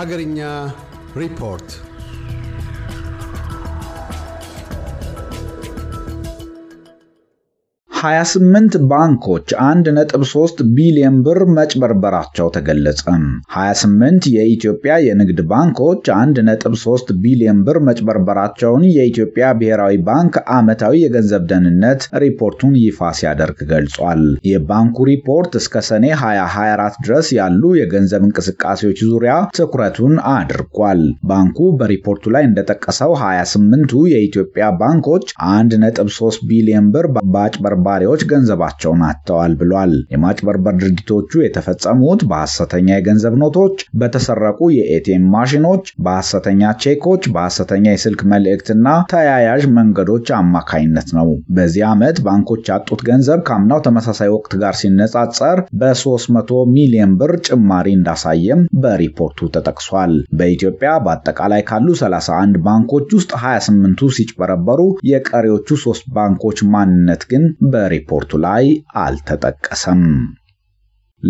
Hagarinya Report 28 ባንኮች 1.3 ቢሊዮን ብር መጭበርበራቸው ተገለጸ። 28 የኢትዮጵያ የንግድ ባንኮች 1.3 ቢሊዮን ብር መጭበርበራቸውን የኢትዮጵያ ብሔራዊ ባንክ ዓመታዊ የገንዘብ ደህንነት ሪፖርቱን ይፋ ሲያደርግ ገልጿል። የባንኩ ሪፖርት እስከ ሰኔ 2024 ድረስ ያሉ የገንዘብ እንቅስቃሴዎች ዙሪያ ትኩረቱን አድርጓል። ባንኩ በሪፖርቱ ላይ እንደጠቀሰው 28ቱ የኢትዮጵያ ባንኮች 1.3 ቢሊዮን ብር በአጭበርባ አጭበርባሪዎች ገንዘባቸውን አጥተዋል ብሏል። የማጭበርበር ድርጊቶቹ የተፈጸሙት በሐሰተኛ የገንዘብ ኖቶች፣ በተሰረቁ የኤቲኤም ማሽኖች፣ በሐሰተኛ ቼኮች፣ በሐሰተኛ የስልክ መልእክትና ተያያዥ መንገዶች አማካይነት ነው። በዚህ ዓመት ባንኮች ያጡት ገንዘብ ካምናው ተመሳሳይ ወቅት ጋር ሲነጻጸር በ300 ሚሊዮን ብር ጭማሪ እንዳሳየም በሪፖርቱ ተጠቅሷል። በኢትዮጵያ በአጠቃላይ ካሉ 31 ባንኮች ውስጥ 28ቱ ሲጭበረበሩ የቀሪዎቹ ሶስት ባንኮች ማንነት ግን በ በሪፖርቱ ላይ አልተጠቀሰም።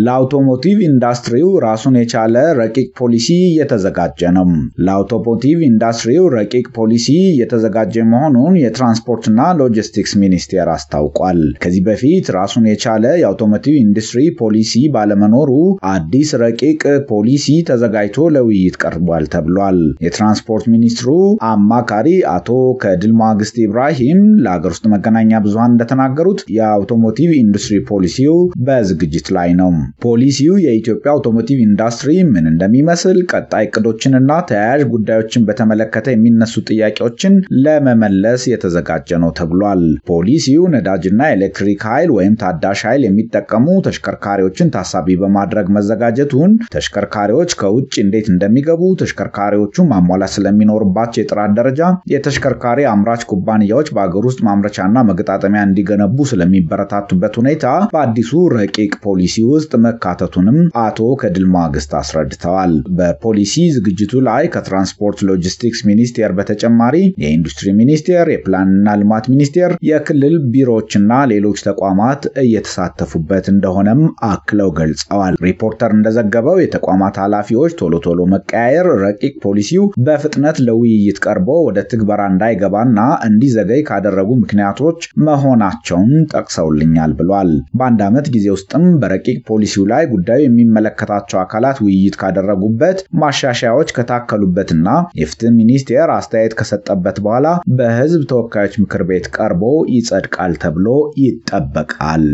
ለአውቶሞቲቭ ኢንዱስትሪው ራሱን የቻለ ረቂቅ ፖሊሲ እየተዘጋጀ ነው። ለአውቶሞቲቭ ኢንዱስትሪው ረቂቅ ፖሊሲ እየተዘጋጀ መሆኑን የትራንስፖርትና ሎጂስቲክስ ሚኒስቴር አስታውቋል። ከዚህ በፊት ራሱን የቻለ የአውቶሞቲቭ ኢንዱስትሪ ፖሊሲ ባለመኖሩ አዲስ ረቂቅ ፖሊሲ ተዘጋጅቶ ለውይይት ቀርቧል ተብሏል። የትራንስፖርት ሚኒስትሩ አማካሪ አቶ ከድል ማግስት ኢብራሂም ለአገር ውስጥ መገናኛ ብዙሃን እንደተናገሩት የአውቶሞቲቭ ኢንዱስትሪ ፖሊሲው በዝግጅት ላይ ነው። ፖሊሲው የኢትዮጵያ አውቶሞቲቭ ኢንዱስትሪ ምን እንደሚመስል ቀጣይ እቅዶችንና ተያያዥ ጉዳዮችን በተመለከተ የሚነሱ ጥያቄዎችን ለመመለስ የተዘጋጀ ነው ተብሏል። ፖሊሲው ነዳጅና ኤሌክትሪክ ኃይል ወይም ታዳሽ ኃይል የሚጠቀሙ ተሽከርካሪዎችን ታሳቢ በማድረግ መዘጋጀቱን፣ ተሽከርካሪዎች ከውጭ እንዴት እንደሚገቡ፣ ተሽከርካሪዎቹ ማሟላት ስለሚኖርባቸው የጥራት ደረጃ፣ የተሽከርካሪ አምራች ኩባንያዎች በአገር ውስጥ ማምረቻና መገጣጠሚያ እንዲገነቡ ስለሚበረታቱበት ሁኔታ በአዲሱ ረቂቅ ፖሊሲ ውስጥ ውስጥ መካተቱንም አቶ ከድል ማግስት አስረድተዋል። በፖሊሲ ዝግጅቱ ላይ ከትራንስፖርት ሎጂስቲክስ ሚኒስቴር በተጨማሪ የኢንዱስትሪ ሚኒስቴር፣ የፕላንና ልማት ሚኒስቴር፣ የክልል ቢሮዎችና ሌሎች ተቋማት እየተሳተፉበት እንደሆነም አክለው ገልጸዋል። ሪፖርተር እንደዘገበው የተቋማት ኃላፊዎች ቶሎ ቶሎ መቀያየር ረቂቅ ፖሊሲው በፍጥነት ለውይይት ቀርቦ ወደ ትግበራ እንዳይገባና እንዲዘገይ ካደረጉ ምክንያቶች መሆናቸውን ጠቅሰውልኛል ብሏል። በአንድ ዓመት ጊዜ ውስጥም በረቂቅ ፖሊሲው ላይ ጉዳዩ የሚመለከታቸው አካላት ውይይት ካደረጉበት፣ ማሻሻያዎች ከታከሉበትና የፍትህ ሚኒስቴር አስተያየት ከሰጠበት በኋላ በህዝብ ተወካዮች ምክር ቤት ቀርቦ ይጸድቃል ተብሎ ይጠበቃል።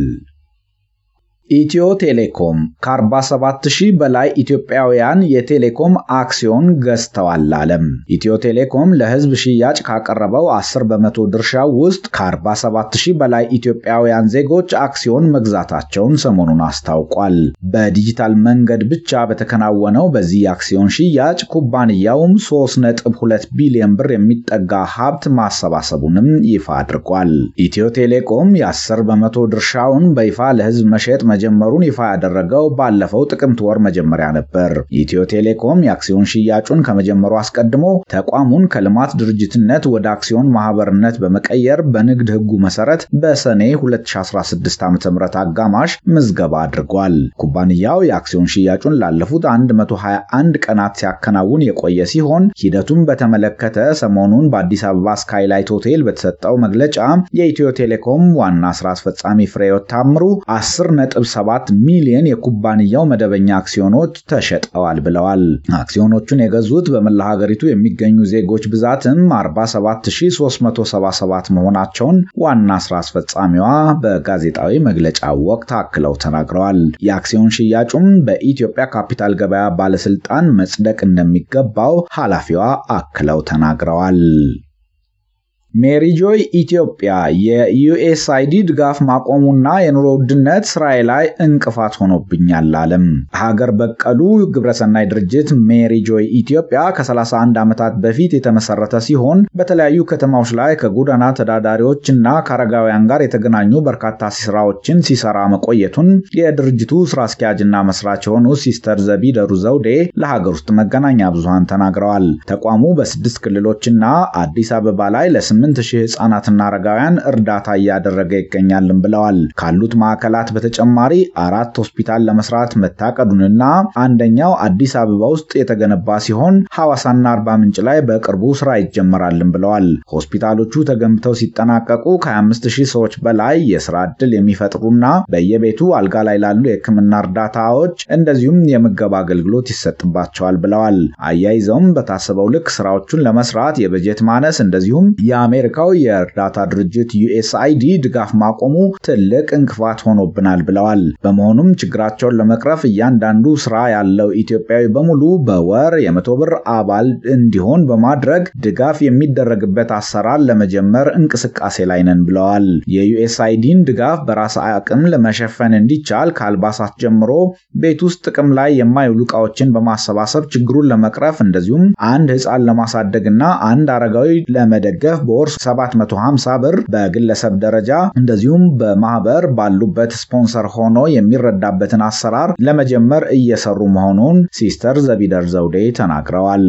ኢትዮ ቴሌኮም ከ47 ሺህ በላይ ኢትዮጵያውያን የቴሌኮም አክሲዮን ገዝተዋል አለም። ኢትዮ ቴሌኮም ለህዝብ ሽያጭ ካቀረበው 10 በመቶ ድርሻ ውስጥ ከ47 ሺህ በላይ ኢትዮጵያውያን ዜጎች አክሲዮን መግዛታቸውን ሰሞኑን አስታውቋል። በዲጂታል መንገድ ብቻ በተከናወነው በዚህ የአክሲዮን ሽያጭ ኩባንያውም 3.2 ቢሊዮን ብር የሚጠጋ ሀብት ማሰባሰቡንም ይፋ አድርጓል። ኢትዮ ቴሌኮም የ10 በመቶ ድርሻውን በይፋ ለህዝብ መሸጥ መጀመሩን ይፋ ያደረገው ባለፈው ጥቅምት ወር መጀመሪያ ነበር። ኢትዮ ቴሌኮም የአክሲዮን ሽያጩን ከመጀመሩ አስቀድሞ ተቋሙን ከልማት ድርጅትነት ወደ አክሲዮን ማህበርነት በመቀየር በንግድ ሕጉ መሰረት በሰኔ 2016 ዓ.ም አጋማሽ ምዝገባ አድርጓል። ኩባንያው የአክሲዮን ሽያጩን ላለፉት 121 ቀናት ሲያከናውን የቆየ ሲሆን ሂደቱን በተመለከተ ሰሞኑን በአዲስ አበባ ስካይላይት ሆቴል በተሰጠው መግለጫ የኢትዮ ቴሌኮም ዋና ስራ አስፈጻሚ ፍሬዮት ታምሩ 10 ነጥብ 7 ሚሊዮን የኩባንያው መደበኛ አክሲዮኖች ተሸጠዋል ብለዋል። አክሲዮኖቹን የገዙት በመላ ሀገሪቱ የሚገኙ ዜጎች ብዛትም 47377 መሆናቸውን ዋና ስራ አስፈጻሚዋ በጋዜጣዊ መግለጫ ወቅት አክለው ተናግረዋል። የአክሲዮን ሽያጩም በኢትዮጵያ ካፒታል ገበያ ባለስልጣን መጽደቅ እንደሚገባው ኃላፊዋ አክለው ተናግረዋል። ሜሪጆይ ኢትዮጵያ የዩኤስአይዲ ድጋፍ ማቆሙና የኑሮ ውድነት ስራዬ ላይ እንቅፋት ሆኖብኛል አለም። ሀገር በቀሉ ግብረሰናይ ድርጅት ሜሪጆይ ኢትዮጵያ ከ31 ዓመታት በፊት የተመሰረተ ሲሆን በተለያዩ ከተማዎች ላይ ከጎዳና ተዳዳሪዎች እና ከአረጋውያን ጋር የተገናኙ በርካታ ስራዎችን ሲሰራ መቆየቱን የድርጅቱ ስራ አስኪያጅና መስራች የሆኑ ሲስተር ደሩ ዘውዴ ለሀገር ውስጥ መገናኛ ብዙሃን ተናግረዋል። ተቋሙ በስድስት ክልሎችና አዲስ አበባ ላይ ለስምንት ስምንት ሺህ ህጻናትና አረጋውያን እርዳታ እያደረገ ይገኛልን ብለዋል። ካሉት ማዕከላት በተጨማሪ አራት ሆስፒታል ለመስራት መታቀዱንና አንደኛው አዲስ አበባ ውስጥ የተገነባ ሲሆን ሐዋሳና አርባ ምንጭ ላይ በቅርቡ ስራ ይጀመራልን ብለዋል። ሆስፒታሎቹ ተገንብተው ሲጠናቀቁ ከ25 ሺህ ሰዎች በላይ የስራ ዕድል የሚፈጥሩና በየቤቱ አልጋ ላይ ላሉ የህክምና እርዳታዎች እንደዚሁም የምገባ አገልግሎት ይሰጥባቸዋል ብለዋል። አያይዘውም በታሰበው ልክ ስራዎቹን ለመስራት የበጀት ማነስ እንደዚሁም የአሜ የአሜሪካው የእርዳታ ድርጅት ዩኤስአይዲ ድጋፍ ማቆሙ ትልቅ እንቅፋት ሆኖብናል ብለዋል። በመሆኑም ችግራቸውን ለመቅረፍ እያንዳንዱ ስራ ያለው ኢትዮጵያዊ በሙሉ በወር የመቶ ብር አባል እንዲሆን በማድረግ ድጋፍ የሚደረግበት አሰራር ለመጀመር እንቅስቃሴ ላይ ነን ብለዋል። የዩኤስአይዲን ድጋፍ በራስ አቅም ለመሸፈን እንዲቻል ከአልባሳት ጀምሮ ቤት ውስጥ ጥቅም ላይ የማይውሉ እቃዎችን በማሰባሰብ ችግሩን ለመቅረፍ እንደዚሁም አንድ ሕፃን ለማሳደግና አንድ አረጋዊ ለመደገፍ በወር በጎርፍ 750 ብር በግለሰብ ደረጃ እንደዚሁም በማህበር ባሉበት ስፖንሰር ሆኖ የሚረዳበትን አሰራር ለመጀመር እየሰሩ መሆኑን ሲስተር ዘቢደር ዘውዴ ተናግረዋል።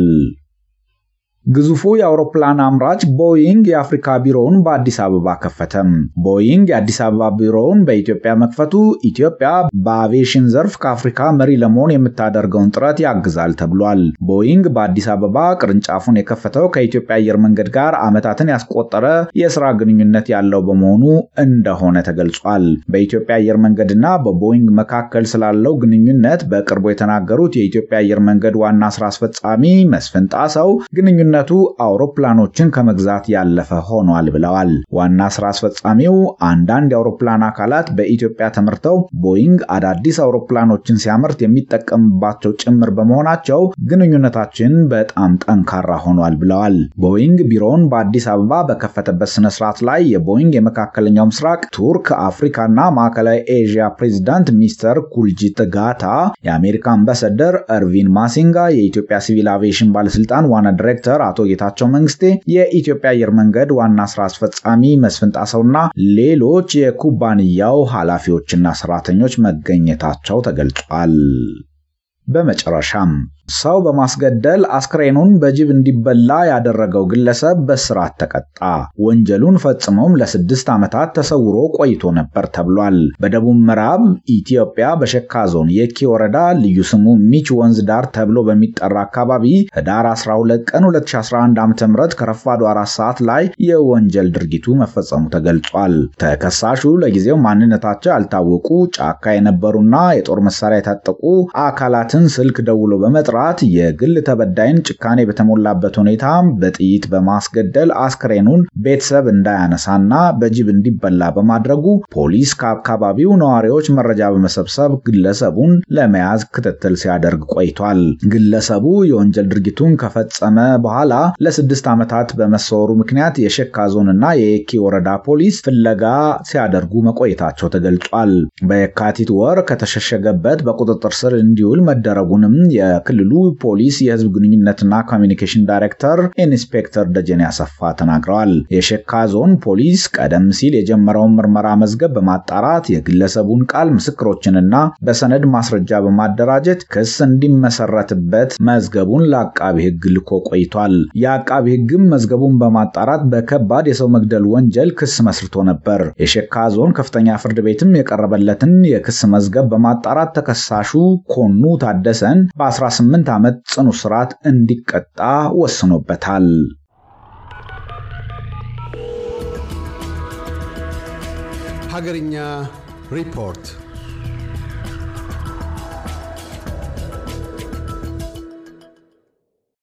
ግዙፉ የአውሮፕላን አምራች ቦይንግ የአፍሪካ ቢሮውን በአዲስ አበባ ከፈተም። ቦይንግ የአዲስ አበባ ቢሮውን በኢትዮጵያ መክፈቱ ኢትዮጵያ በአቪዬሽን ዘርፍ ከአፍሪካ መሪ ለመሆን የምታደርገውን ጥረት ያግዛል ተብሏል። ቦይንግ በአዲስ አበባ ቅርንጫፉን የከፈተው ከኢትዮጵያ አየር መንገድ ጋር ዓመታትን ያስቆጠረ የስራ ግንኙነት ያለው በመሆኑ እንደሆነ ተገልጿል። በኢትዮጵያ አየር መንገድና በቦይንግ መካከል ስላለው ግንኙነት በቅርቡ የተናገሩት የኢትዮጵያ አየር መንገድ ዋና ስራ አስፈጻሚ መስፍን ጣሰው ግንኙነት ስምምነቱ አውሮፕላኖችን ከመግዛት ያለፈ ሆኗል ብለዋል። ዋና ስራ አስፈጻሚው አንዳንድ የአውሮፕላን አካላት በኢትዮጵያ ተመርተው ቦይንግ አዳዲስ አውሮፕላኖችን ሲያመርት የሚጠቀምባቸው ጭምር በመሆናቸው ግንኙነታችን በጣም ጠንካራ ሆኗል ብለዋል። ቦይንግ ቢሮውን በአዲስ አበባ በከፈተበት ስነ ስርዓት ላይ የቦይንግ የመካከለኛው ምስራቅ፣ ቱርክ፣ አፍሪካና ማዕከላዊ ኤዥያ ፕሬዚዳንት ሚስተር ኩልጂት ጋታ፣ የአሜሪካ አምባሳደር እርቪን ማሲንጋ፣ የኢትዮጵያ ሲቪል አቪዬሽን ባለስልጣን ዋና ዲሬክተር አቶ ጌታቸው መንግስቴ፣ የኢትዮጵያ አየር መንገድ ዋና ስራ አስፈጻሚ መስፍን ጣሰውና ሌሎች የኩባንያው ኃላፊዎችና ሰራተኞች መገኘታቸው ተገልጿል። በመጨረሻም ሰው በማስገደል አስክሬኑን በጅብ እንዲበላ ያደረገው ግለሰብ በስርዓት ተቀጣ። ወንጀሉን ፈጽሞም ለስድስት ዓመታት ተሰውሮ ቆይቶ ነበር ተብሏል። በደቡብ ምዕራብ ኢትዮጵያ በሸካ ዞን የኪ ወረዳ ልዩ ስሙ ሚች ወንዝ ዳር ተብሎ በሚጠራ አካባቢ ህዳር 12 ቀን 2011 ዓ.ም ከረፋዱ አራት ሰዓት ላይ የወንጀል ድርጊቱ መፈጸሙ ተገልጿል። ተከሳሹ ለጊዜው ማንነታቸው ያልታወቁ ጫካ የነበሩና የጦር መሳሪያ የታጠቁ አካላትን ስልክ ደውሎ በመጥራት በመጥራት የግል ተበዳይን ጭካኔ በተሞላበት ሁኔታ በጥይት በማስገደል አስክሬኑን ቤተሰብ እንዳያነሳና በጅብ እንዲበላ በማድረጉ ፖሊስ ከአካባቢው ነዋሪዎች መረጃ በመሰብሰብ ግለሰቡን ለመያዝ ክትትል ሲያደርግ ቆይቷል። ግለሰቡ የወንጀል ድርጊቱን ከፈጸመ በኋላ ለስድስት ዓመታት በመሰወሩ ምክንያት የሸካ ዞንና የየኪ ወረዳ ፖሊስ ፍለጋ ሲያደርጉ መቆየታቸው ተገልጿል። በየካቲት ወር ከተሸሸገበት በቁጥጥር ስር እንዲውል መደረጉንም የክልሉ የክልሉ ፖሊስ የህዝብ ግንኙነትና ኮሚኒኬሽን ዳይሬክተር ኢንስፔክተር ደጀኔ አሰፋ ተናግረዋል። የሸካ ዞን ፖሊስ ቀደም ሲል የጀመረውን ምርመራ መዝገብ በማጣራት የግለሰቡን ቃል ምስክሮችንና በሰነድ ማስረጃ በማደራጀት ክስ እንዲመሰረትበት መዝገቡን ለአቃቢ ህግ ልኮ ቆይቷል። የአቃቢ ህግም መዝገቡን በማጣራት በከባድ የሰው መግደል ወንጀል ክስ መስርቶ ነበር። የሸካ ዞን ከፍተኛ ፍርድ ቤትም የቀረበለትን የክስ መዝገብ በማጣራት ተከሳሹ ኮኑ ታደሰን በ18 የ ዓመት ጽኑ እስራት እንዲቀጣ ወስኖበታል። ሀገርኛ ሪፖርት